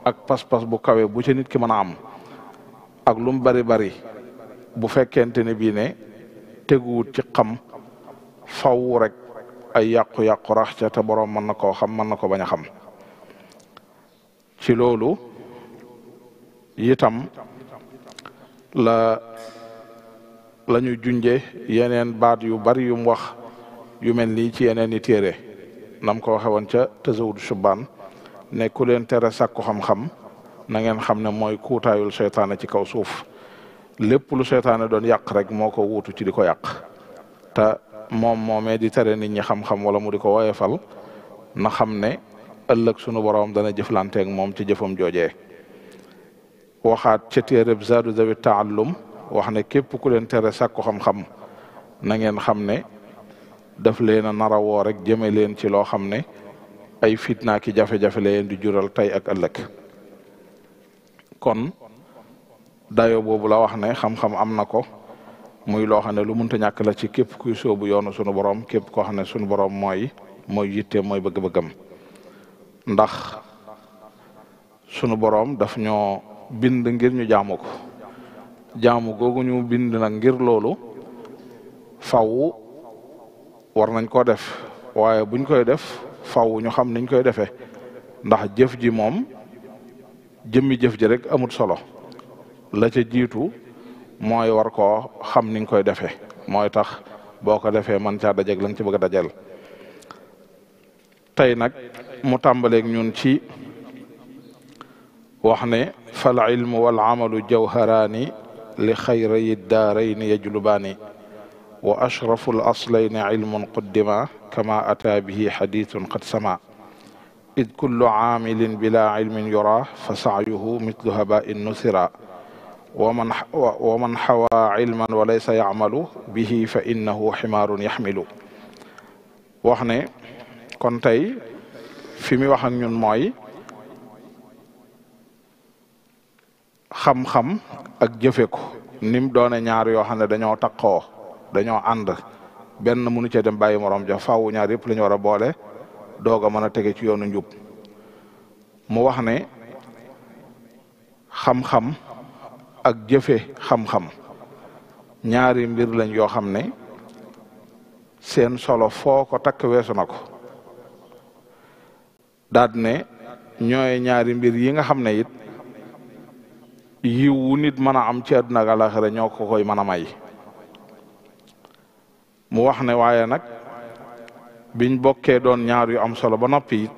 ak pas-pas bu kawee bu ci nit ki mën a am ak lum bari bari bu fekkente ne bii ne teguwut ci xam faw rek ay yàqu-yàqu rax ca te boroom mën na koo xam mën na ko bañ a xam ci loolu itam la la ñu junje yeneen baat yu bari yum wax yu mel ni ci yeneen i téere nam ko waxe woon ca Tazawudu Shubbaan ne ku leen tere sàkku xam-xam na ngeen xam ne mooy kuutaayul seytaane ci kaw suuf lépp lu seytaane doon yàq rek moo ko wuutu ci di ko yàq te moom moomee di tere nit ñi xam-xam wala mu di ko woyefal na xam ne ëllëg sunu borom dana jëflanteeg moom ci jëfam joojee waxaat ca téereb zaadu zawi taallum wax ne képp ku leen tere sàkku xam-xam na ngeen xam ne daf leen a nar a rek jëme leen ci loo xam ne ay fitna ki jafe-jafe la leen di jural tey ak ëllëg kon dayo boobu la wax ne xam-xam am na ko muy loo xam ne lu mënta ñàkk la ci képp kuy soobu yoonu sunu borom képp koo xam ne sunu borom mooy mooy yitte mooy bëgg-bëggam ndax sunu borom daf ñoo bind ngir ñu jaamu ko jaamu googu ñu bind nag ngir loolu faw war nañ koo def waaye buñ koy def. faw ñu xam niñ koy defee ndax jëf ji moom jëmmi jëf ji rek amut solo la ca jiitu mooy war koo xam ni nga koy defee mooy tax boo ko defee man caa dajeg la ci bëgg a dajal tey nag mu tàmbaleeg ñun ci wax ne fal ilmu wal amalu jawharaani li xayrayi daarayni yajlubaani wa ashrafu l aslayni ilmun quddima kama ataa bihi xadithun qad sama id kullu aamilin bila ilmin yura fa saayuhu mitlu habain nusira wa man xawaa ilman wa laysa yacmalu bihi fa innahu ximaarun yaxmilu wax ne kon tey fi mu wax mooy xam-xam ak jëfe ko nim doone ñaar yoo xam ne dañoo taqoo dañoo ànd benn mënu cee dem bàyyi morom ja faaw ñaar yëpp la ñu war a boole doog a mën a tege ci yoonu njub mu wax ne xam-xam ak jëfe xam-xam ñaari mbir lañ yoo xam ne seen solo foo ko takk weesu na ko daad ne ñooy ñaari mbir yi nga xam ne it yiw wu nit mën a am ci àdduna ak àlaxira ñoo ko koy mën a may mu wax ne waaye nag biñ bokkee doon ñaar yu am solo ba noppi it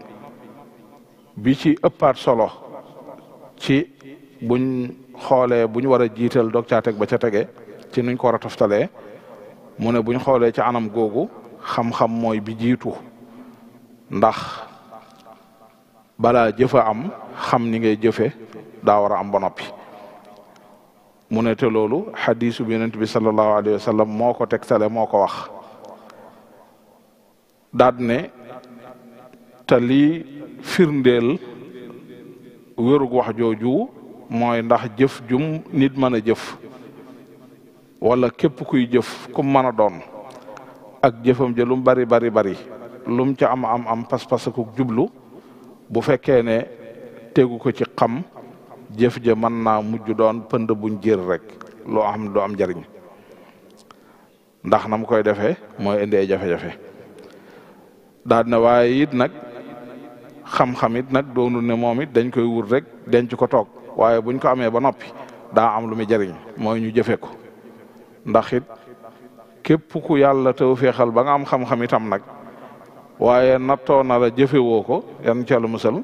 bi ci ëppaat solo ci buñ xoolee buñ war a jiital doog caa teg ba ca tege ci nuñ ko war a toftalee mu ne buñ xoolee ci anam googu xam-xam mooy bi jiitu ndax balaa jëfa am xam ni ngay jëfe daa war a am ba noppi mu ne te loolu xadiisu bi yonent bi sallallahu alayhi wa sallam moo ko moo ko wax daad ne te lii firndeel wérug wax jooju moy ndax jëf jum nit mën a jëf wala képp kuy jëf kum mën a doon ak jëfam ja lum bari bari bari lum ca am am am pas-pas ak jublu bu fekkee ne tegu ko ci xam jëf ja mën naa mujj doon pënd buñ jër rek loo xam ne doo am njariñ ndax na koy defee mooy indi ay jafe-jafe daal na waaye it nag xam-xam it nag doonul ne moom it dañ koy wut rek denc ko toog waaye buñ ko amee ba noppi daa am lu muy jariñ mooy ñu jëfe ko ndax it képp ku yàlla taw féexal ba nga am xam-xam itam nag waaye nattoo na la jëfewoo ko yan ca lu musal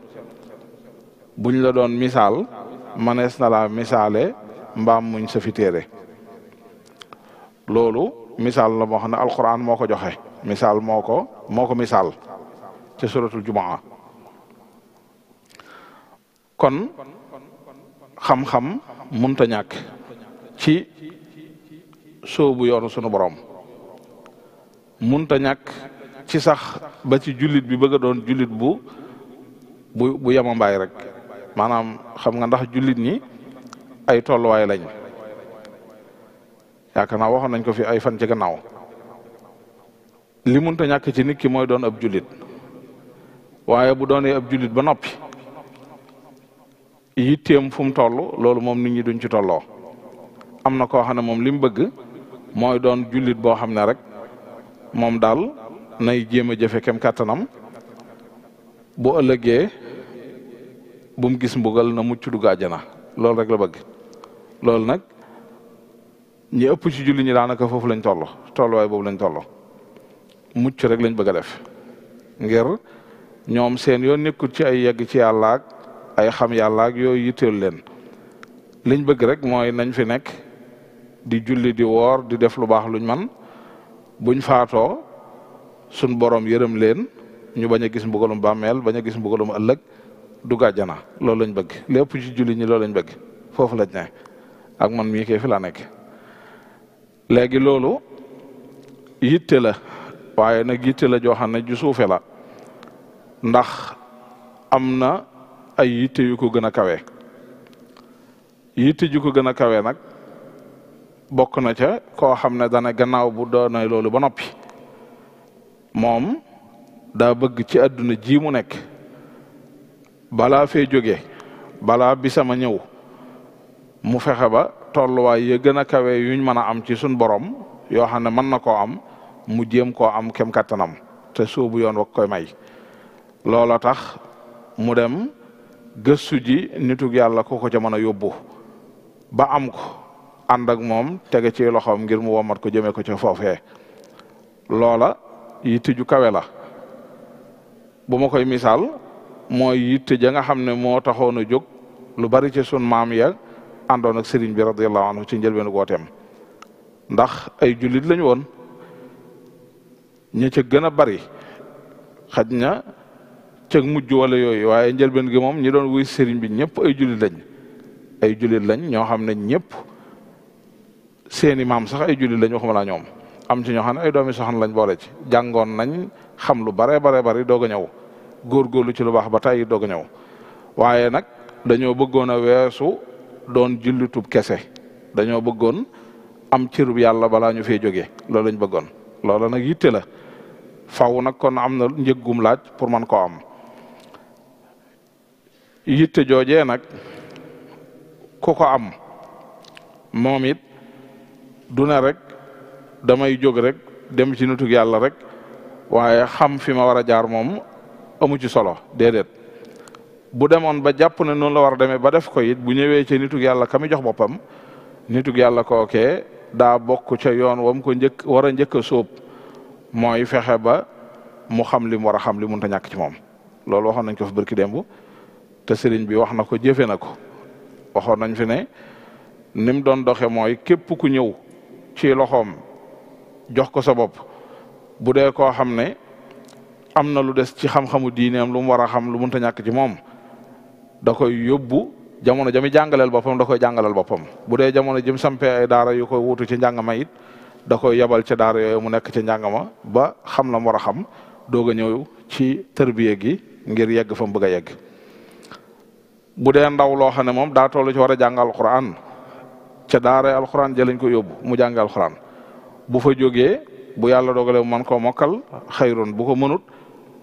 buñ la doon misaal manees na laa mbaam muñ sa loolu misaal la moo xam ne alquran moo ko joxe misaal moo ko moo ko ci suratul jumaa kon xam-xam munta ñàkk ci bu yoonu sunu boroom munta ñàkk ci sax ba ci jullit bi bëgg doon jullit bu bu bu yamambaay rek maanaam xam nga ndax jullit ñi ay tolluwaay lañ yaakaar naa waxoon nañ ko fi ay fan ci gannaaw li munta ci nit ki mooy doon ab jullit waaye bu doonee ab jullit ba noppi yitteem fu mu toll loolu moom nit ñi duñ ci tolloo am na koo xam ne moom li bëgg mooy doon jullit boo xam ne rek moom daal nay jéem a jëfe kem kàttanam bu ëllëgee bu mu gis mbugal na mucc dugg àjjana loolu rek la bëgg loolu nag ñi ëpp ci julli ñi daanaka foofu lañ toll tolluwaay boobu lañ toll mucc rek lañ bëgg a def ngir ñoom seen yoon nekkul ci ay yegg ci yàlla ay xam yàlla ak yooyu yitteel leen liñ bëgg rek mooy nañ fi nekk di julli di woor di def lu baax luñ man buñ faatoo sun borom yërëm leen ñu bañ gis mbugalum bàmmeel bañ a gis mbugalum ëllëg dugg àjjana loolu lañ bëgg lépp ci julli ñi loolu lañ bëgg foofu lañ ne ak man mii kay fi laa nekk léegi loolu yitte la waaye nag yitte la joo xam ne ju suufe ndax am na ay yitte yu ko gën a kawe yitte ju ko gën a kawe nag bokk na ca koo xam ne dana gannaaw bu doonay loolu ba noppi moom daa bëgg ci àdduna ji mu nekk balaa fee jóge balaa bisama ñëw mu fexe ba tolluwaay ya gën a kawe yuñ mën a am ci suñ borom yoo xam ne mën na koo am mu jéem koo am kem kattanam te soobu yoon wak koy may loola tax mu dem gëstu ji nitug yàlla ko ko ca mën a yóbbu ba am ko ànd ak moom tege ci loxoom ngir mu womat ko jëmee ko ca foofee loola yitte ju kawe la bu ma koy misaal mooy yitte ja nga xam ne moo taxoon a jóg lu bari ci sun maam ya àndoon ak sëriñ bi radiyallahu anhu ci njëlbeenu gooteem ndax ay julit lañ woon ña ca gën a bari xaj na ca mujj wala yooyu waaye njëlbeen gi moom ñi doon wuy sëriñ bi ñëpp ay julit lañ ay julit lañ ñoo xam ne ñëpp seeni maam sax ay jullit lañ waxuma laa ñoom am ci ñoo xam ne ay doomi soxna lañ boole ci jàngoon nañ xam lu bare bare bari doog a ñëw góorgóorlu ci lu baax ba tey doog a ñëw waaye nag dañoo bëggoon a weesu doon jullitub kese dañoo bëggoon am cërub yàlla balaa ñu fee jógee loolu lañ bëggoon loolu nag yitte la faw nag kon am na njëggum laaj pour man koo am yitte jooje nag ku ko am moom it du ne rek damay jóg rek dem ci nutug yàlla rek waaye xam fi ma war a jaar moom amu ci solo déedéet bu demoon ba jàpp na noonu la war a demee ba def ko it bu ñëwee ci nitug yàlla ka mi jox boppam nitug yàlla kookee daa bokk ca yoon wam ko njëkk war a njëkk a sóob mooy fexe ba mu xam li mu war a xam li mënut a ñàkk ci moom loolu waxoon nañ ko fi barki démb te sëriñ bi wax na ko jëfe na ko waxoon nañ fi ne nim mu doon doxe mooy képp ku ñëw ci loxoom jox ko sa bopp bu dee koo xam ne am na lu des ci xam-xamu diine am lu mu war a xam lu mënta ñàkk ci moom da koy yóbbu jamono jami jàngaleel boppam da koy jàngaleel boppam bu dee jamono jëm sampee daara yu koy wutu ci njàngama it da koy yabal ca daara yooyu mu nekk ci njàngama ba xam la mu war a xam doog a ñëw ci tërbiye gi ngir yegg fa mu bëgg a yegg bu dee ndaw loo xam ne moom daa toll ci war a jàng alquran ca daara alquran ja lañ ko yóbbu mu jàng alquran bu fa jógee bu yàlla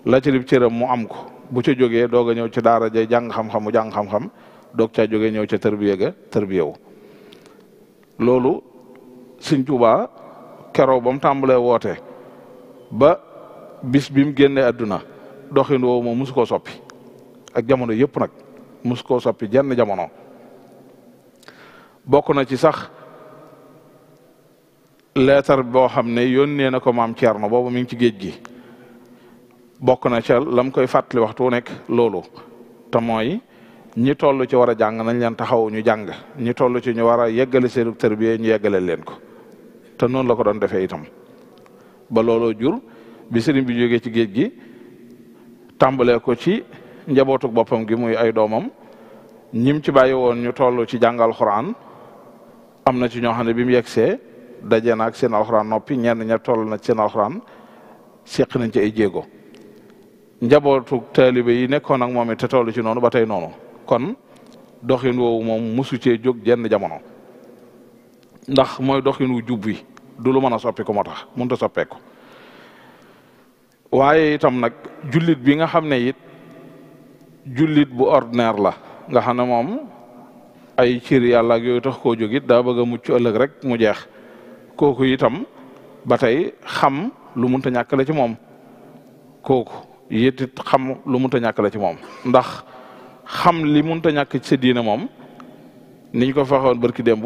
la ca dib cëram mu am ko bu ca jógee doog a ñëw ci daara ja jàng xam-xam mu jàng xam-xam doog caa jógee ñëw ca tërbiye ga tërbiye loolu sëñ Tuubaa keroog ba mu tàmbalee woote ba bis bi mu génnee àdduna doxin woowu moom mosu koo soppi ak jamono yëpp nag mosu koo soppi jenn jamono bokk na ci sax leetar boo xam ne yónnee na ko maam Thierno boobu mu ngi ci géej gi. bokk na ca lam koy fàttali waxtu wu nekk loolu te mooy ñi toll ci war a jàng nañ leen taxaw ñu jàng ñi toll ci ñu war a yeggale seen tërbiye ñu yeggale leen ko te noonu la ko doon defee itam ba looloo jur bi bi jógee ci géej gi tàmbalee ko ci njabootuk boppam gi muy ay doomam ñim ci bàyyi woon ñu toll ci jàng alxuraan am na ci ñoo xam ne bi mu yegsee daje na seen alxuraan noppi ñenn ña toll na seen alxuraan seq nañ ci ay jéego njabootu taalibe yi nekkoon ak moom it te ci noonu ba tey noonu kon doxin woowu moom mosu cee jóg jenn jamono ndax mooy doxin wu jub wi du lu mën a soppi ko moo tax mënut a soppeeku waaye itam nag julit bi nga xam ne it julit bu ordinaire la nga xam ne moom ay cir yàlla ak yooyu tax koo jóg it daa bëgg a mucc ëllëg rek mu jeex kooku itam ba tey xam lu mënta ñàkkale ci moom kooku yétit xam lu munta ñàkk la ci moom ndax xam li munta ñàkk ci sa diine moom niñ ko faxoon barki démb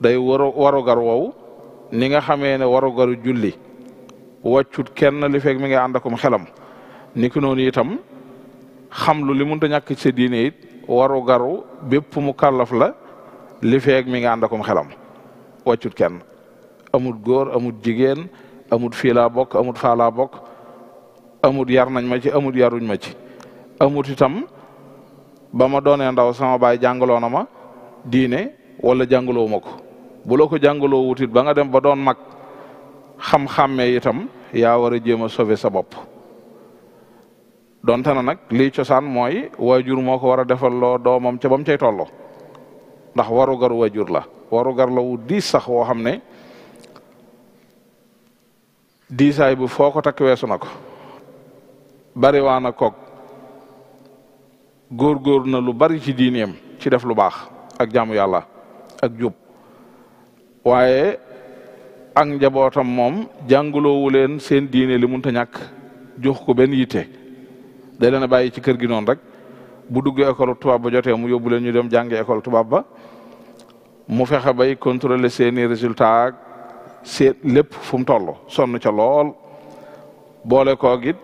day waro gar wow ni nga xamee ne warugaru julli wàccut kenn li fekk mi nga ànd akum xelam ni ku noonu itam xam lu li munta ñàkk ci sa diine it warugaru mu kàllaf la li feeg mi nga ànd akum xelam wàccut kenn amul góor amut jigéen amut fii laa bokk amul faa bokk amut yar nañ ma ci amut yaruñ ma ci amut itam ba ma doonee ndaw sama baay jàngaloo na ma diine wala jàngaloo ma ko bu la ko jàngaloo wutit ba nga dem ba doon mag xam-xàmmee itam yaa war a jéem a sauver sa bopp donte na nag lii cosaan mooy waajur moo ko war a defal loo doomam ca ba mu cay tolloo ndax waru garu waajur la waru gar la wu diis sax woo xam ne diisaay bu foo ko takk weesu na bari waan a koog góor-góor na lu bari ci diineem ci def lu baax ak jaamu yàlla ak jub waaye ak njabootam moom jàngaloowu leen seen diine li munta ñàkk jox ko benn yitte da leen bàyyi ci kër gi noonu rek bu duggee école tubaab ba jotee mu yóbbu leen ñu dem jàngi école tubaab ba mu fexe bay contrôler seeni résultat seet lépp fu mu toll sonn ca lool boole koog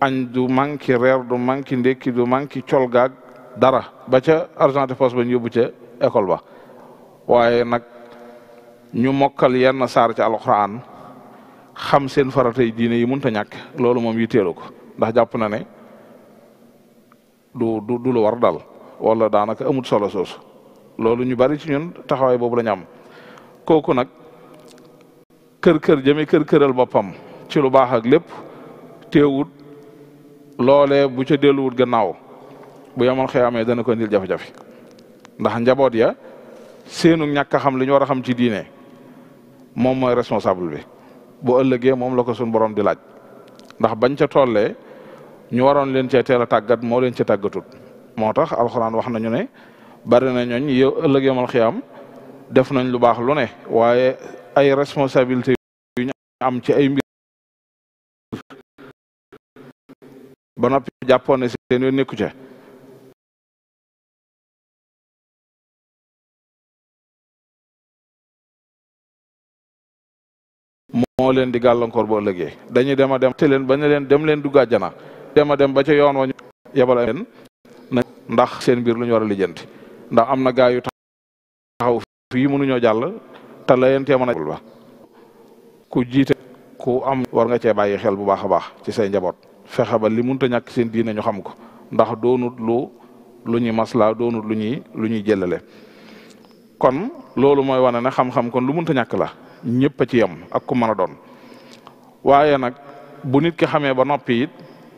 añ du manki reer du manki ndékki du manki colgaag dara ba ca argent de poche ba ñu yóbbu ca école ba waaye nag ñu mokkal yenn saar ci alxuraan xam seen faratay diine yi mënut ta ñàkk loolu moom yitteelu ko ndax jàpp na ne du du lu war dal wala daanaka amut solo soosu loolu ñu bari ci ñun taxawaay boobu la ñu am kooku nag kër kër jëme kër këral boppam ci lu baax ak lépp teewut loolee bu ca delluwut gannaaw bu yemal xiyaamee dana ko indil jafe-jafe ndax njaboot ya seenu ñàkk a xam li ñu war a xam ci diine moom mooy responsable bi bu ëllëgee moom la ko suñu borom di laaj ndax bañ ca tollee ñu waroon leen cee teel a tàggat moo leen ci tàggatut moo tax alxuraan wax nañu ne bari na ñooñ yow ëllëg yemal xiyaam def nañ lu baax lu ne ay responsabilité ba noppi jàppoon ne seen yoon nekku ca moo leen di gàllankoor boo ëllëgee dañuy dem a dem te leen ba ñu leen dem leen dugg àjjana dem a dem ba ca yoon wa ñu na ndax seen mbir lu ñu war a lijjanti ndax am na gaa yu taxaw fii mënuñoo jàll te la yeen cee mën a ba ku jiite ku am war nga cee bàyyi xel bu baax a baax ci say njaboot fexe ba li mënta ñàkk seen diine ñu xam ko ndax doonut lu lu ñuy maslaa doonut lu ñuy lu ñuy jëlale kon loolu mooy wane ne xam-xam kon lu mënta ñàkk la ñëpp a ci yem ak ku mën a doon waaye nag bu nit ki xamee ba noppi it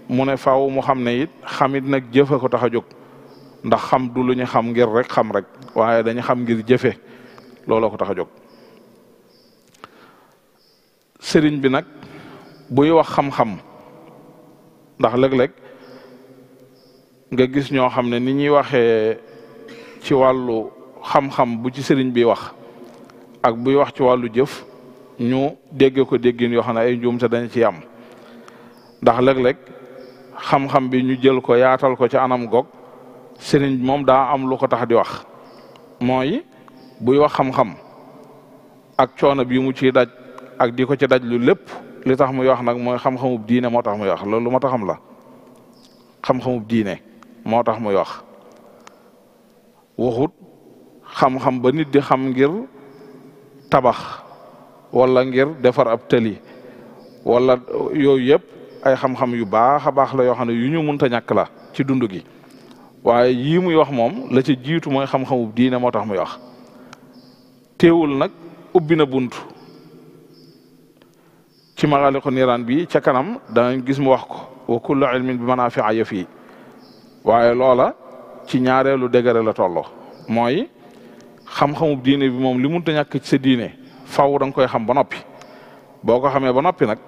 mu ne faaw mu xam ne it xamit nag jëfe ko tax a jóg ndax xam du lu ñu xam ngir rek xam rek waaye dañu xam ngir jëfe looloo ko tax a jóg sëriñ bi nag buy wax xam-xam ndax léeg-léeg nga gis ñoo xam ne ni ñuy waxee ci wàllu xam-xam bu ci sëriñ bi wax ak buy wax ci wàllu jëf ñu dégg ko déggin yoo xam ne ay njuum te dañ ci am ndax léeg-léeg xam-xam bi ñu jël ko yaatal ko ci anam gog sëriñ bi moom daa am lu ko tax di wax mooy buy wax xam-xam ak coona bi mu ciy daj ak di ko ci daj lu lépp li tax muy wax nag mooy xam-xamub diine moo tax muy wax loolu ma taxam la xam-xamub diine moo tax muy wax waxut xam-xam ba nit di xam ngir tabax wala ngir defar ab tëli walla yooyu yëpp ay xam-xam yu baax a baax la yoo xam ne yu ñu munta ñàkk la ci dund gi waaye yii muy wax moom la ci jiitu mooy xam-xamub diine moo tax muy wax teewul nag ubbi na bunt ci maxaaliqu niiraan bi ca kanam danañ gis mu wax ko wa kullu ilmin bi manaafi'a ya fii waaye loola ci ñaareelu dégare la tolloo mooy xam-xamu diine bi moom li mënut a ñàkk ci sa diine faaw da nga koy xam ba noppi boo ko xamee ba noppi nag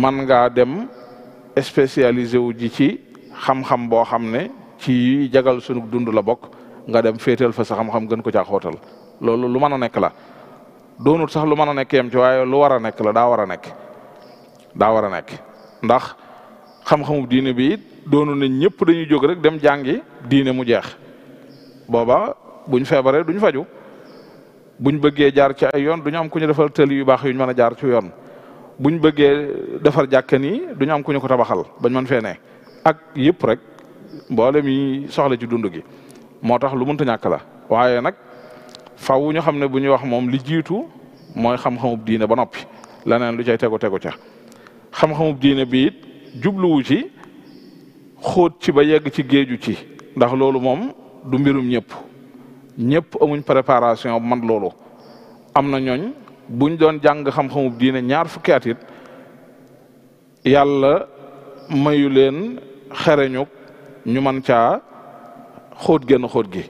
man ngaa dem spécialisé wu ji ci xam-xam boo xam ne ci jagal sunu dund la bokk nga dem féeteel fa sa xam gën ko caa xóotal loolu lu mën a nekk la. doonut sax lu man a nekk yem ci waaye lu war a nekk la daa war a nekk daa war a nekk ndax xam-xamu diine bi it doonu nañ ñëpp dañuy jóg rek dem jàngi diine mu jeex booba buñ feebaree duñ faju buñ bëggee jaar ci ay yoon duñu am ku ñu defal tëli yu baax yuñ mën a jaar ci yoon buñ bëggee defar jàkka nii duñu am ku ñu ko tabaxal bañ mën feene ne ak yëpp rek mboole mi soxla ci dund gi moo tax lu mënta ñàkk la waaye nag faw ñu xam ne bu ñuy wax moom li jiitu mooy xam-xamub diine ba noppi leneen lu cay tegu tegu ca xam-xamub diine bi it jubluwu ci xóot ci ba yegg ci géeju ci ndax loolu moom du mbirum ñëpp ñëpp amuñ préparation man loolu am na ñooñ buñ doon jàng xam-xamub diine ñaar fukki at it yàlla mayu leen xereñu ñu man caa xóot genn xóot gi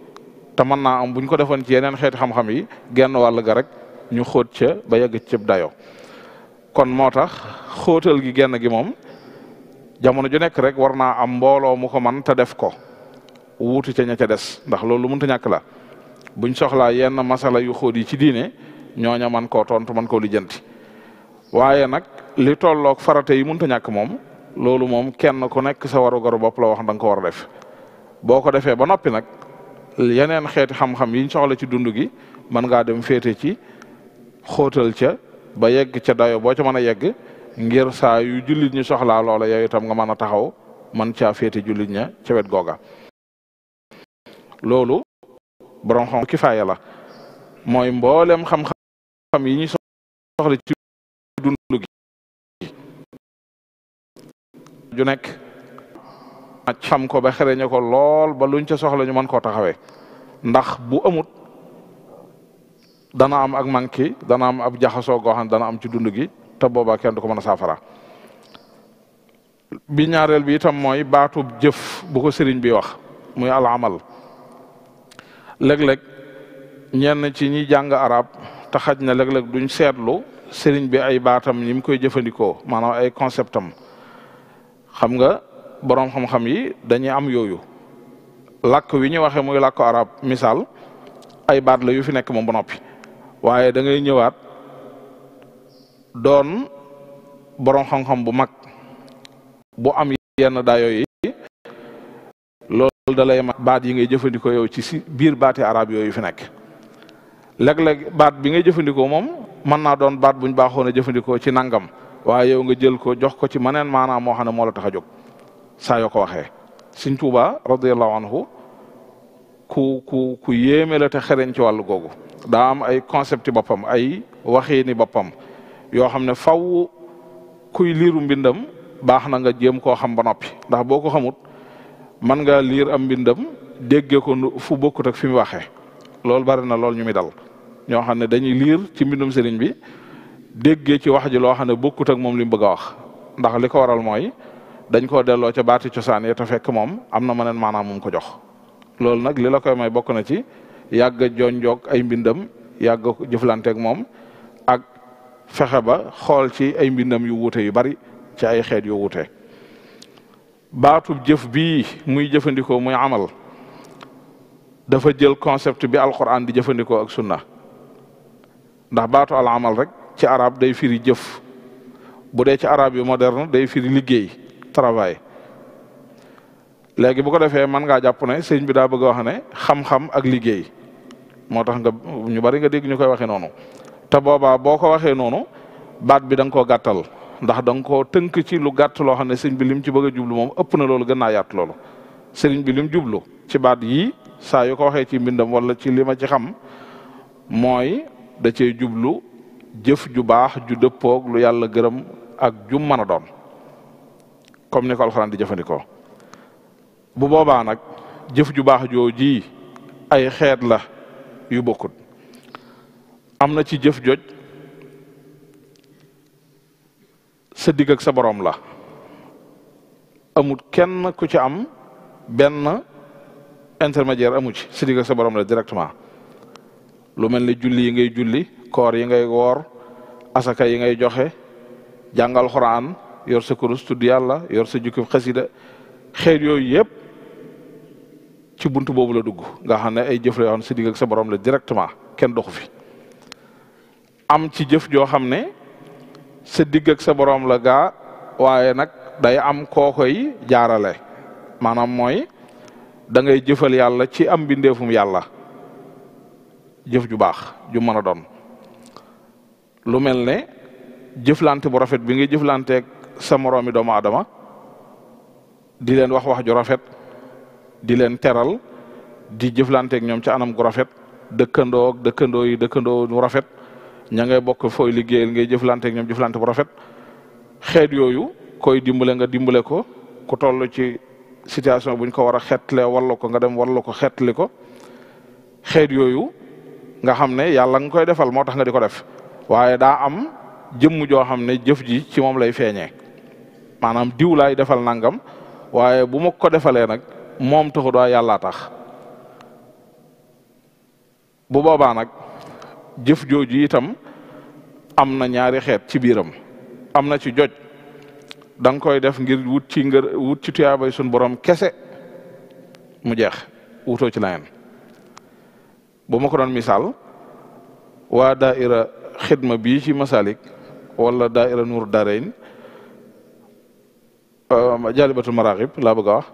te mën naa am bu ñu ko defoon ci yeneen xeeti xam-xam yi genn wàll ga rek ñu xóot ca ba yegg ci dayo kon moo tax xóotal gi genn gi moom jamono ju nekk rek war naa am mbooloo mu ko man te def ko wuutu ca ña ca des ndax loolu mënta ñàkk la buñ soxlaa yenn masala yu xóot yi ci diine ñooña man koo tontu man koo lijjanti waaye nag li tolloog farate yi mënta ñàkk moom loolu moom kenn ku nekk sa waru garu bopp la wax da nga ko war a def boo ko defee ba noppi nag yeneen xeeti xam-xam yiñ soxla ci dund gi mën ngaa dem féete ci xóotal ca ba yegg ca dayo boo ca mën a yegg ngir saa yu jullit ñi soxlaa loola yow nga mën a taxaw man caa féete jullit ña ca wet googa loolu borom xam kifaaya la mooy mboolem xam-xam yi ñu soxla ci dund gi xam ko ba xereñe ko lool ba luñ ca soxla ñu mën koo taxawe ndax bu amut dana am ak manki dana am ab jaxasoo goo xam dana am ci dund gi te boobaa kenn du ko mën a saafara bi ñaareel bi itam mooy baatu jëf bu ko sëriñ bi wax muy al amal léeg-léeg ñenn ci ñi jàng arab te xaj na léeg-léeg duñ seetlu sëriñ bi ay baatam ñi koy jëfandikoo maanaam ay conceptam xam nga boroom xam-xam yi dañuy am yooyu lakk wi ñu waxee muy lakk arab misaal ay baat la yu fi nekk moom ba noppi waaye da ngay ñëwaat doon boroom xam-xam bu mag bu am yenn daayoo yi loolu da lay ma baat yi ngay jëfandikoo yow ci si biir baati arab yooyu fi nekk lek léeg baat bi nga jëfandikoo moom mën naa doon baat buñ baaxoon a jëfandikoo ci nangam waaye yow nga jël ko jox ko ci maneen maanaam moo xam ne moo la tax a jóg saa yoo ko waxee Sëñ Tuuba radiyallahu anhu ku ku ku yéeme la ci wàllu googu daa am ay concept boppam ay waxiini boppam yoo xam ne faw kuy liiru mbindam baax na nga jéem koo xam ba noppi ndax boo ko xamut mën nga liir am mbindam déggee ko fu bokkut ak fi mu waxee loolu bari na loolu ñu muy dal ñoo xam ne dañuy lir ci mbindum sëriñ bi déggee ci wax ji loo xam ne bokkut ak moom li bëgg a wax ndax li ko waral mooy dañ koo delloo ca baati cosaan ya te fekk moom am na mëneen maana mu ko jox loolu nag li la koy may bokk na ci yàgg a jonjoog ay mbindam yàgg a jëflanteeg moom ak fexe ba xool ci ay mbindam yu wuute yu bari ci ay xeet yu wuute baatu jëf bi muy jëfandikoo muy amal dafa jël concept bi alquran di jëfandikoo ak sunna ndax baatu al amal rek ci arab day firi jëf bu dee ci arab yu moderne day firi liggéey travail léegi bu ko defee mën ngaa jàpp ne sëñ bi daa bëgg a ne xam ak liggéey moo tax nga ñu bari nga dégg ñu koy waxee noonu te boobaa boo ko waxee noonu baat bi da ko gàttal ndax da nga koo tënk ci lu gàtt loo xam ne sëñ bi lim ci bëgg a jublu moom ëpp na loolu gën naa yaat loolu sëriñ bi lim jublu ci baat yii saa yu ko waxee ci mbindam wala ci li ma ci xam mooy da cee jublu jëf ju baax ju dëppoog lu yàlla gërëm ak ju mën a doon comme ni ko di jëfandikoo bu boobaa nag jëf ju baax joo ji ay xeet la yu bokkut am na ci jëf joj sa digg sa boroom la amut kenn ku ci am benn intermédiaire amu ci sa sa boroom la directement lu mel ni julli yi ngay julli koor yi ngay woor asaka yi ngay joxe jàngal xuraan yor sa kurus tudd yàlla yor sa jukki xasida xeet yooyu yëpp ci buntu boobu la dugg nga xam ne ay jëf la yoo xam ne sa digg la directement kenn doxu fi am ci jëf joo xam ne sa digg ak sa borom la gaa waaye nag day am koo koy jaarale maanaam mooy da ngay jëfal yàlla ci am mbindeefum yàlla jëf ju baax ju mën a doon lu ne jëflante bu rafet bi nga jëflanteeg sa moroomi doomu aadama di leen wax wax ju rafet di leen teral di jëflanteeg ñoom ci anam gu rafet dëkkandoo ak dëkkandoo yi dëkkandoo nu rafet ña ngay bokk fooy liggéeyal ngay jëflanteeg ñoom jëflante bu rafet xeet yooyu koy dimbale nga dimbale ko ku toll ci situation buñ ko war a xetle walla ko nga dem walla ko xetli ko xeet yooyu nga xam ne yàlla nga koy defal moo tax nga di ko def waaye daa am jëmm joo xam ne jëf ji ci moom lay feeñee maanaam diw laay defal nangam waaye bu ma ko defalee nag moom taxut waa yàllaa tax bu boobaa nag jëf jooju itam am na ñaari xeet ci biiram am na ci joj da koy def ngir wut ci ngër wut ci tuyaabay sun borom kese mu jeex wutoo ci leneen bu ma ko doon misaal waa daaira xidma bii ci masalik wala daaira nuur dareyn Euh, jaalibatul maraaxib laa bëgg a wax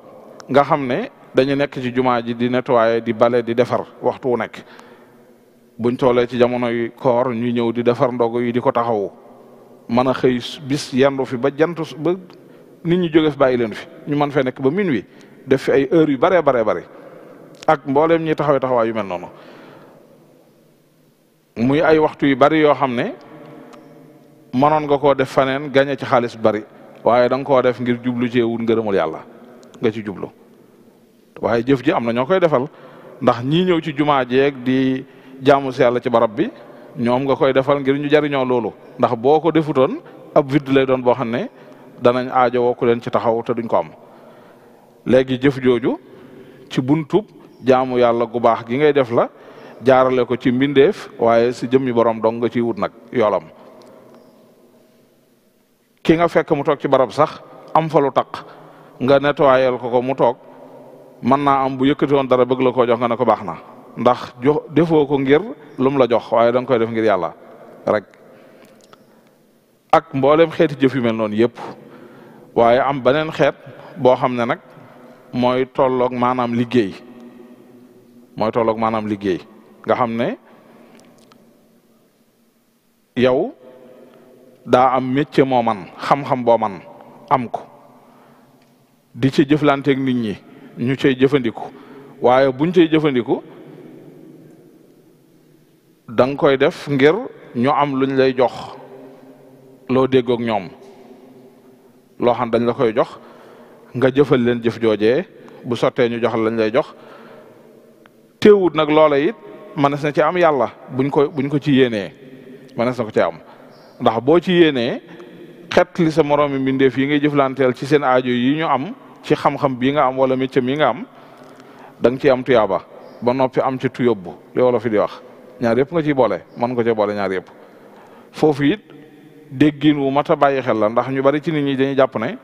nga xam ne dañu nekk ci jumaa ji di nettoyer di bale di defar waxtu wu nekk buñ toolee ci jamonoy koor ñu ñëw di defar ndogu yi di ko taxawu mën a xëy bis yendu fi ba jant ba nit ñi jóge fi bàyyi leen fi ñu mën fee nekk ba minuit def fi ay heures yu baree baree bari ak mbooleem ñi taxawee taxawaay yu mel noonu muy ay waxtu yu bari yoo xam ne mënoon nga koo def faneen gañe ci xaalis bari waaye da nga koo def ngir jublu cee wut ngërëmul yàlla nga ci jublu waaye jëf ji am na ñoo koy defal ndax ñii ñëw ci jumaa jeeg di jaamu si yàlla ci barab bi ñoom nga koy defal ngir ñu jariñoo loolu ndax boo ko defutoon ab vide lay doon boo xam ne danañ aajo woo ku leen ci taxaw te duñ ko am léegi jëf jooju ci buntub jaamu yàlla gu baax gi ngay def la jaarale ko ci mbindeef waaye si jëm jëmmi borom dong nga ci wut nag yoolam ki nga fekk mu toog ci barab sax am fa lu taq nga nettoyal ko ko mu toog mën naa am bu yëkkati woon dara bëgg la koo jox nga ne ko baax na ndax jox defoo ko ngir lu mu la jox waaye da koy def ngir yàlla rek ak mboolem xeeti jëf yu mel noonu yëpp waaye am beneen xeet boo xam ne nag mooy tolloog maanaam liggéey mooy tolloog maanaam liggéey nga xam ne yow daa am métier moo man xam-xam boo man am ko di ci jëflanteeg nit ñi ñu cay jëfandiku waaye buñ cay jëfandiku da koy def ngir ñu am luñ lay jox loo déggoog ñoom loo xam dañ la koy jox nga jëfal leen jëf joojee bu sottee ñu jox lañ lay jox teewut nag loola it mënees na ci am yàlla buñ ko buñ ko ci yéenee mënees na ko ci am ndax boo ci yéenee xet li sa moroomi mbindeef yi ngay jëflanteel ci seen aajo yi ñu am ci xam-xam bii nga am wala métier mii nga am da nga ciy am tuyaaba ba noppi am ci tuyóbbu li wala fi di wax ñaar yëpp nga ciy boole mën ko ci boole ñaar yëpp foofu it déggin wu mat a bàyyi xel la ndax ñu bari ci nit ñi dañuy jàpp ne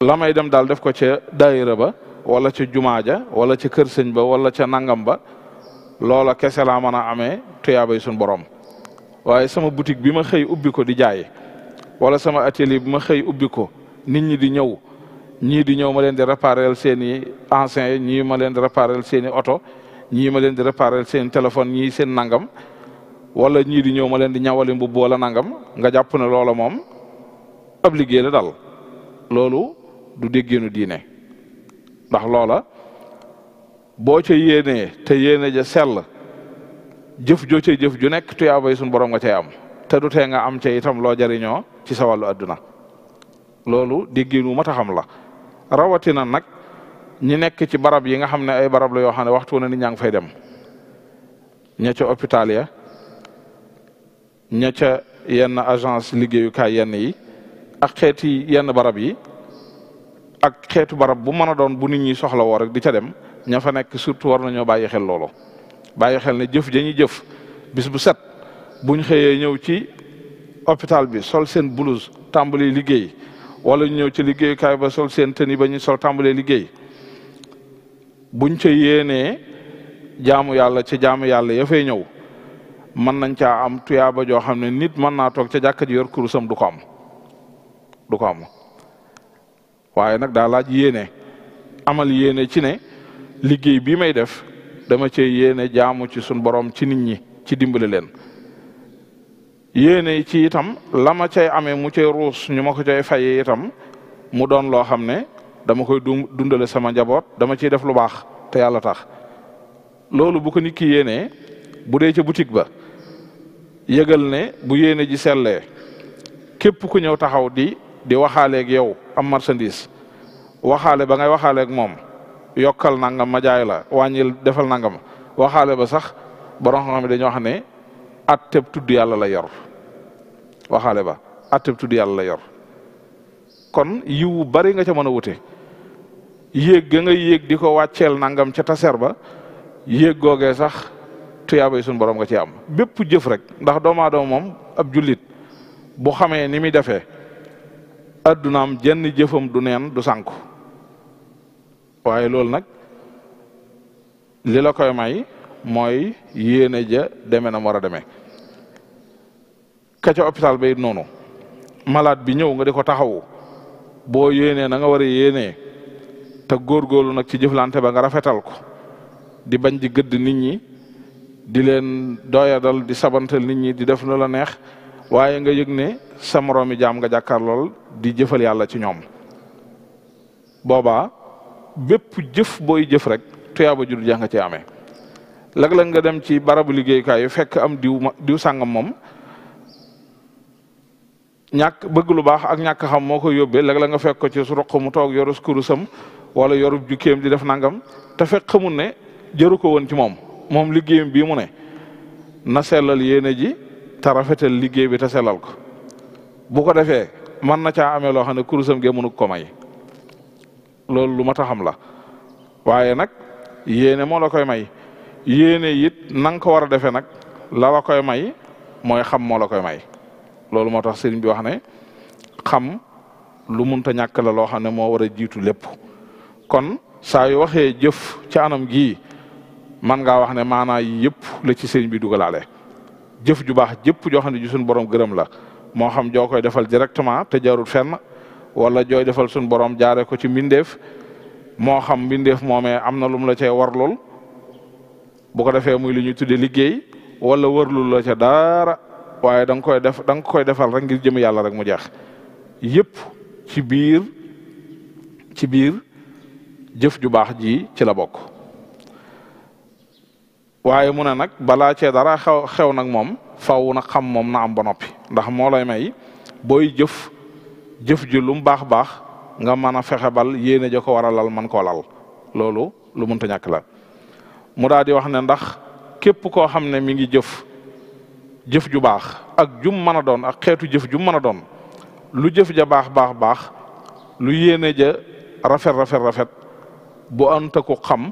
la dem daal def ko ca daayira ba wala ca jumaa ja wala ca kër sëñ ba wala ca nangam ba loola kese laa mën a amee tuyaabay suñu borom waaye sama boutique bi ma xëy ubbi ko di jaay wala sama atelier bi ma xëy ubbi ko nit ñi di ñëw ñii di ñëw ma leen di réparer seen i anciens ñii ma leen di réparer seeni oto ñii ma leen di réparer seen téléphone ñii seen nangam walla ñii di ñëw ma leen di ñawali mbubb wala nangam nga jàpp ne loola moom ab liggéey dal loolu du déggéenu diine ndax loola. boo ca yéenee te yéene ja sell jëf joo ca jëf ju nekk tuyaabay suñu borom nga cay am te du tee nga am ca itam loo jariñoo ci sa wàllu adduna loolu di wu mat a xam la rawatina nag ñi nekk ci barab yi nga xam ne ay barab la yoo xam ne waxtu na ni ñaa ngi fay dem ña ca hôpital ya ña ca yenn agence liggéeyukaay yenn yi ak xeeti yenn barab yi ak xeetu barab bu mën a doon bu nit ñi soxla woo rek di ca dem ña fa nekk surtout war nañoo bàyyi xel loolu bàyyi xel ne jëf dañuy jëf bis bu set buñ xëyee ñëw ci hôpital bi sol seen blouse tàmbali liggéey wala ñu ñëw ci liggéeyukaay ba sol seen tenue ba ñu sol tàmbalee liggéey buñ ci yéenee jaamu yàlla ci jaamu yàlla ya fay ñëw mën nañ caa am tuyaaba joo xam ne nit mën naa toog ca jàkka yor kurusam du ko am du ko am waaye nag daa laaj yéene amal yéene ci ne liggéey bii may def dama cee yéene jaamu ci suñ borom ci nit ñi ci dimbali leen yéene ci itam la ma cay amee mu cay ruus ñu ma ko cay fayee itam mu doon loo xam ne dama koy dundale sama njaboot dama ciy def lu baax te yàlla tax loolu bu ko nikki ki yéenee bu dee ca boutique ba yëgal ne bu yéene ji sellee képp ku ñëw taxaw di di waxaaleeg yow am marchandise waxaale ba ngay waxaaleeg moom yokkal nangam ma jaay la wàññil defal nangam waxaale ba sax borom xam ne dañoo xam ne atteb tudd yàlla la yor waxaale ba atteb tudd yàlla la yor kon yiw bari nga ca mën a wute yéeg ga nga yéeg di ko wàcceel nangam ca taser ba yéeg googee sax tuyaabay suñ borom nga ci am bépp jëf rek ndax doomu aadama moom ab jullit bu xamee ni muy defee addunaam jenn jëfam du neen du sànku waaye loolu nag li la koy may mooy yéene ja deme na mu war a demee ka ca hôpital ba it noonu malaat bi ñëw nga di ko taxawu boo yéenee na nga war a yéenee te góorgóorlu nag ci jëflante ba nga rafetal ko di bañ di gëdd nit ñi di leen doyadal di sabantal nit ñi di def lu la neex waaye nga yëg ne sa moroomi jaam nga jàkkaar lool di jëfal yàlla ci ñoom boobaa bépp jëf booy jëf rek tuyaaba ju dul jeex nga ci amee léeg-léeg nga dem ci barabu liggéeyukaay yu fekk am diw diw sàngam moom ñàkk bëgg lu baax ak ñàkk xam moo koy yóbbee léeg-léeg nga fekk ko ci su roq mu toog yorus kurusam wala yorub jukkeem di def nangam te fekk xamul ne jëru ko woon ci moom moom liggéeyam bii mu ne na sellal yéene ji te rafetal liggéey bi te sellal ko bu ko defee mën na caa amee loo xam ne kurusam gee mënu ko may loolu lu mat a xam la waaye nag yéene moo la koy may yéene it na ko war a defee nag la koy may mooy xam moo la koy may loolu moo tax sëriñ bi wax ne xam lu munta ñàkk la loo xam ne moo war a jiitu lépp kon saa yu waxee jëf caanam gi gii man ngaa wax ne maanaa yi yëpp la ci sëriñ bi dugalaale jëf ju baax jëpp joo xam ne ju suñu borom gërëm la moo xam joo koy defal directement te jaarul fenn wala jooy defal suñ borom jaare ko ci mbindeef moo xam mbindeef moomee am na lum la cay warlul bu ko defee muy lu ñuy tudde liggéey wala warlul la ca waaye da nga koy def da nga koy defal rek ngir jëm yàlla rek mu jeex yépp ci biir ci biir jëf ju baax ji ci la bokk waaye mu ne nag balaa cee dara xew xew nag moom faw nag xam moom na am ba noppi ndax moo lay may booy jëf jëf ju lum baax baax nga mën a fexe bal yéene ja ko war a lal man ko lal loolu lu mënta ñàkk la mu daal di wax ne ndax képp koo xam ne mi ngi jëf jëf ju baax ak jum mën a doon ak xeetu jëf jum mën a doon lu jëf ja baax baax baax lu yéene ja rafet rafet rafet bu anta ko xam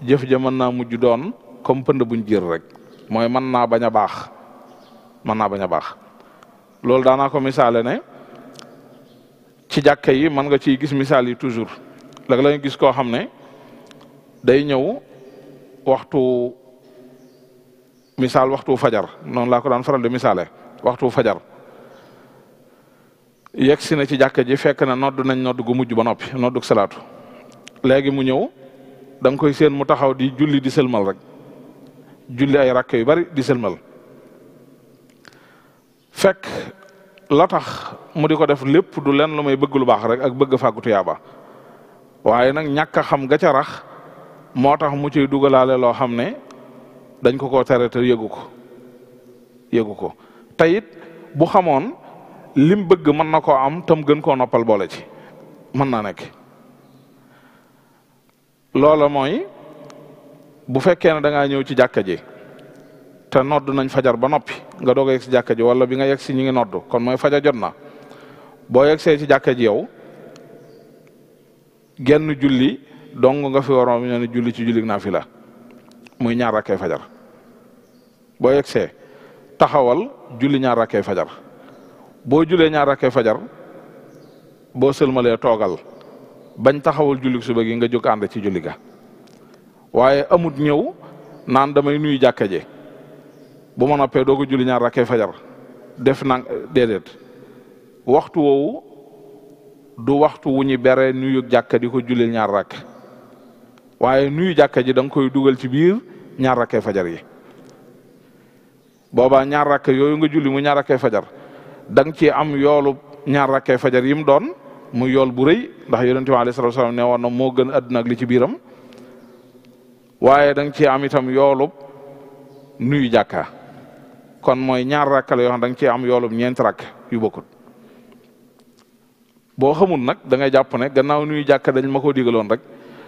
jëf ja mën naa mujj doon comme pënd buñ jiir rek mooy mën naa bañ a baax mën naa bañ a baax loolu daanaa ko misaale ne ci jàkka yi mën nga ci gis misaal yi toujours léegi lañu gis koo xam ne day ñëw waxtu misaal waxtu fajar noonu laa ko daan faral di misaale waxtu fajar yegg si na ci jàkka ji fekk na nodd nañ nodd gu mujj ba noppi noddug salaatu léegi mu ñëw dang koy seen mu taxaw di julli di sëlmal rek julli ay rakk yu bari di sëlmal fekk la tax mu di ko def lépp du len lu may bëgg lu baax rek ak bëgg fàggu tuyaaba waaye nag ñàkk xam ga ca moo tax mu ci dugalaale loo xam ne dañ ko ko tere te yëgu ko yëgu ko te bu xamoon lim bëgg mën na koo am tam gën koo noppal boole ci mën naa nekk loola mooy bu fekkee ne da ñëw ci jàkk ji te nodd nañ fajar ba noppi nga doog a yegg si jàkka ji wala bi nga yegg si ñu ngi nodd kon mooy fajar jot na boo yegg ci jàkka ji yow genn julli dong nga fi waroon ne julli ci julli naafila muy ñaar rakkee fajar boo yegg taxawal julli ñaar rakkee fajar boo julee ñaar rakkee fajar boo sëlmalee toogal bañ taxawal julli suba gi nga jóg ànd ci julli ga waaye amut ñëw naan damay nuyu jàkka bu ma noppee doo julli ñaar rakkee fajar def na déedéet waxtu woowu du waxtu wu ñu bere nuyu jàkka di ko julli ñaar rakk waaye nuyu jàkka ji da koy dugal ci biir ñaar rakkee fajar yi boobaa ñaar rakk yooyu nga julli mu ñaar rakkee fajar da ci am yoolu ñaar rakkee fajar yi mu doon mu yool bu rëy ndax yonente bi alayhi salaatu salaam ne woon na moo gën àdduna ak li ci biiram waaye da ci am itam yoolub nuyu jàkka kon mooy ñaar rakk yoo xam da nga cee am yoolum ñeent rakk yu bokkut boo xamul nag da ngay jàpp ne gannaaw nuyu jàkk dañ ma ko digaloon rek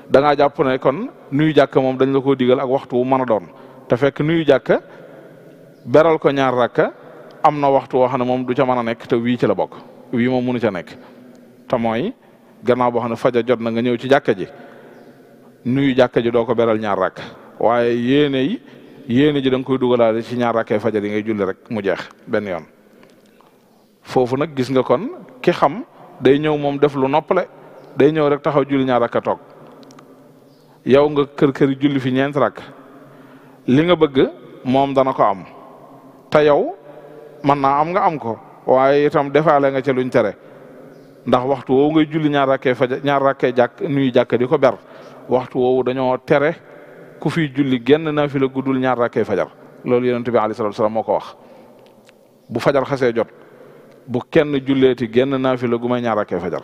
da ngaa jàpp kon nuyu jàkk moom dañ la ko digal ak waxtu wu mën a doon te fekk nuyu jàkk beral ko ñaar rakk am na waxtu woo xam ne moom du ca mën a nekk te wii ci la bokk wii moom mënu ca nekk te mooy gannaaw boo xam ne faja jot na nga ñëw ci jàkka ji nuyu jàkka ji doo ko beral ñaar rakk waaye yéene yéene ji da nga koy dugalaale ci ñaar rakkee fajar yi ngay julli rek mu jeex benn yoon foofu nag gis nga kon ki xam day ñëw moom def lu nopp le day ñëw rek taxaw julli ñaar rakka toog yow nga kër kër julli fi ñeent rakk li nga bëgg moom dana ko am te yow mën naa am nga am ko waaye itam defaale nga ca luñ tere ndax waxtu woow ngay julli ñaar rakkee fajar ñaar rakkee jàkk nuyu jàkk ko ber waxtu woowu dañoo tere ku fi julli genn naafila guddul ñaar rakkee fajar loolu yonent bi alayhi salaatu salaam moo ko wax bu fajar xasee jot bu kenn julleeti genn naafila gu may ñaar fajar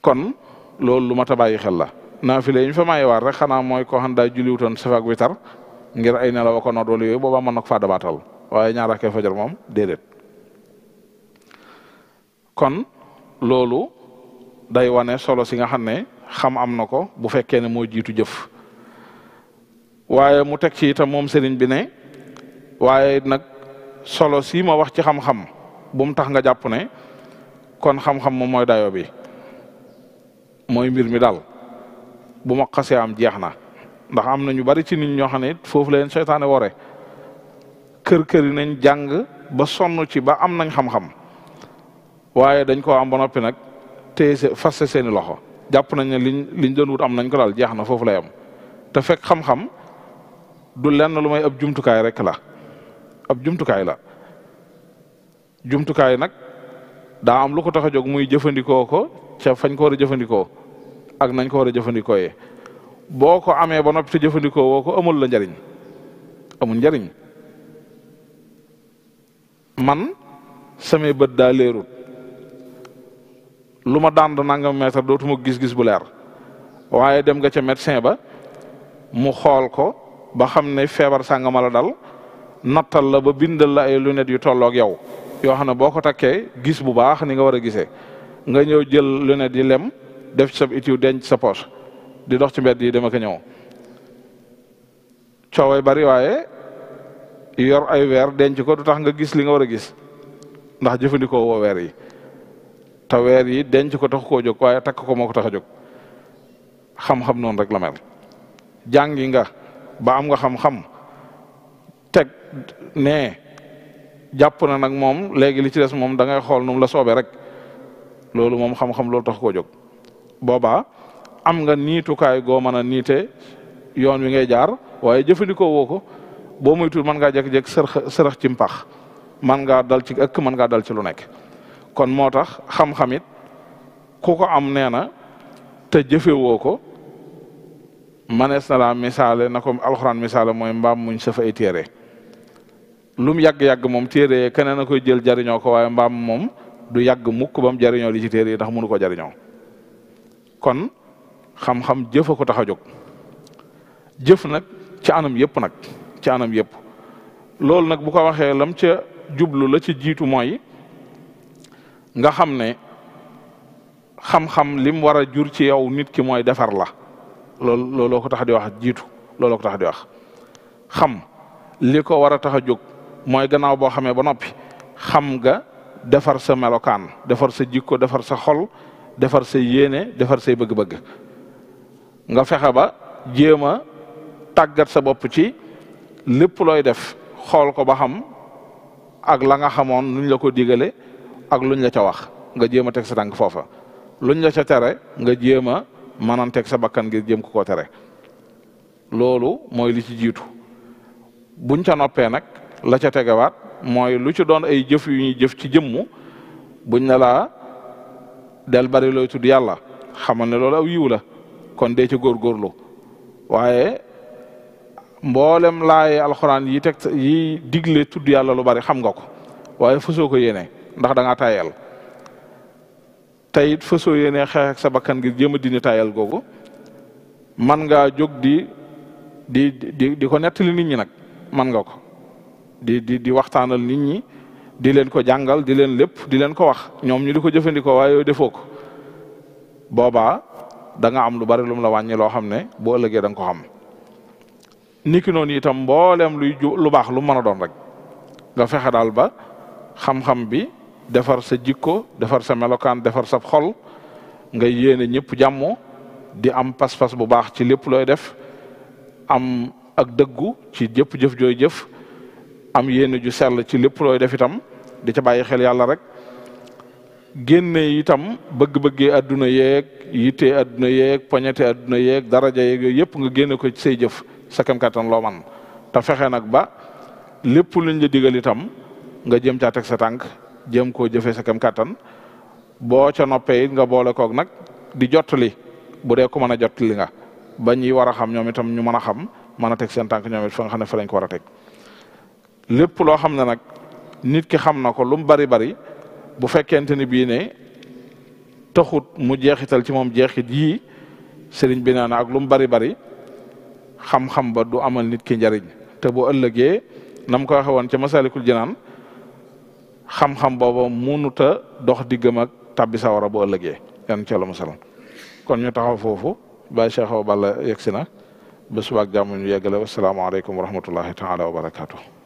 kon loolu lu mat a bàyyi xel la naafila yi ñu fa maye waar rek xanaa mooy koo xam daa julliwutoon safaak witar ngir ay nelaw ko noot wala yooyu boobaa mën na ko faa dabaatal waaye ñaar rakkee fajar moom déedéet kon loolu day wane solo si nga xam ne xam am na ko bu fekkee ne moo jiitu jëf waaye mu teg ci itam moom sëriñ bi ne waaye nag solo si ma wax ci xam-xam bu mu tax nga jàpp ne kon xam-xam moom mooy dayo bi mooy mbir mi daal bu ma xasee am jeex na ndax am na ñu bari ci nit ñoo xam ne foofu la leen seytaane wore kër kër yi nañ jàng ba sonn ci ba am nañ xam-xam waaye dañ koo am ba noppi nag te fas seeni loxo. jàpp nañ ne liñ liñ doon wut am nañ ko daal jeex na foofu lay am te fekk xam-xam du lenn lu may ab jumtukaay rek la ab jumtukaay la jumtukaay nag daa am lu ko tax a jóg muy jëfandikoo ko ca fañ ko war a jëfandikoo ak nañ ko war a jëfandikoo boo ko amee ba nopp te jëfandikoo woo ko amul la njariñ amul njariñ man samay bët daa leerut lu ma daan nangam mètre dootuma gis-gis bu leer waaye dem nga ca médecin ba mu xool ko ba xam ne feebar sàngama la dal nattal la ba bindal la ay lunettes yu tolloog yow yoo xam ne boo ko takkee gis bu baax ni nga war a gisee nga ñëw jël lunettes yi lem def ci sa étui denc sa poche di dox ci mbedd yi dama ko ñëw cooway bari waaye yor ay weer denc ko du tax nga gis li nga war a gis ndax jëfandikoo woo weer yi te weer yi denc ko tax koo jog waaye takk ko moo ko tax a jóg xam-xam noonu rek la mel jàngi nga ba am nga xam-xam teg ne jàpp na nag moom léegi li ci des moom da xool nu la soobe rek loolu moom xam-xam loolu tax koo jóg boobaa am nga niitukaay goo mën a niite yoon wi ngay jaar waaye jëfandikoo woo ko boo moytuwul mën ngaa jékki-jékki sërëx sërëx ci mpax mën ngaa dal ci mën ngaa dal ci lu nekk kon moo tax xam-xam it ku ko am nee na te jëfewoo ko manees na laa misaale na ko alxuraan misaale mooy mbaam muñ saf ay téere lu mu yàgg-yàgg moom téere keneen a koy jël jariñoo ko waaye mbaam moom du yàgg mukk bam jariñoo li ci téere yi ndax mënu ko jariñoo kon xam-xam jëf ko tax a jóg jëf nag ci anam yëpp nag ci anam yëpp loolu nag bu ko waxee lam ca jublu la ci jiitu mooy nga xam ne xam-xam lim war a jur ci yow nit ki mooy defar la loolu looloo ko tax di wax jiitu looloo ko tax di wax xam li ko war a tax a jóg mooy gannaaw boo xamee ba noppi xam nga defar sa melokaan defar sa jikko defar sa xol defar sa yéene defar say bëgg-bëgg nga fexe ba jéem a tàggat sa bopp ci lépp looy def xool ko ba xam ak la nga xamoon nuñ la ko digale ak luñ la ca wax nga jéem a teg sa tànk foofa luñ la ca tere nga jéem a maanaam teg sa bakkan ngir jéem ko koo tere loolu mooy li ci jiitu buñ ca noppee nag la ca tegewaat mooy lu ci doon ay jëf yu ñuy jëf ci jëmmu buñ na laa del bari looy tudd yàlla xamal ne loolu aw yiw la kon dee ci góorgóorlu waaye mboolem laa laay alxuraan yi teg yi digle tudd yàlla lu bari xam nga ko waaye fusoo ko ndax da ngaa tayal tey it fasoo yéenee xeex ak sa bakkan ngir jéem a dindi tayal googu man ngaa jóg di di di di ko nettali nit ñi nag man nga ko di di di waxtaanal nit ñi di leen ko jàngal di leen lépp di leen ko wax ñoom ñu di ko jëfandikoo waaye yow defoo ko boobaa da am lu bari lu la wàññi loo xam ne boo legee da nga ko xam. niki noonu itam mbooleem luy lu baax lu mën a doon rek nga fexe daal ba xam-xam bi. defar sa jikko defar sa melokaan defar sa xol nga yéene ñëpp jàmm di am pas-pas bu baax ci lépp looy def am ak dëggu ci jëpp jëf jooy jëf am yenn ju sell ci lépp looy def itam di ca bàyyi xel yàlla rek génne itam bëgg-bëggee adduna yeeg yittee adduna yeeg poñete adduna yeeg daraja yeeg yooyu yëpp nga génne ko ci say jëf sa kem kattan loo man te nag ba lépp luñ la digal itam nga jëm caa teg sa tànk jéem koo jëfee sa kam kàttan boo ca noppee nga boole koog nag di jottali bu dee ko mën a jottali nga ba ñi war a xam ñoom itam ñu mën a xam mën a teg seen tànk ñoom fa nga xam ne fa lañ ko war a teg lépp loo xam ne nag nit ki xam na ko lu mu bari bari bu fekkente ni bii ne taxut mu jeexital ci moom jeexit yii sëriñ bi naa na lu mu bari bari xam-xam ba du amal nit ki njariñ te bu ëllëgee nam ko waxe woon ci Masalikul Jinaan xam-xam booba munut a dox diggam ak tabbi sawara bu ëllëgee yan ci la salaam kon ñu taxaw foofu Baye Cheikh bala Balla yegsi na ba subaak jàmm ñu yeggale wasalaamaaleykum wa rahmatullahi taala wa barakaatu.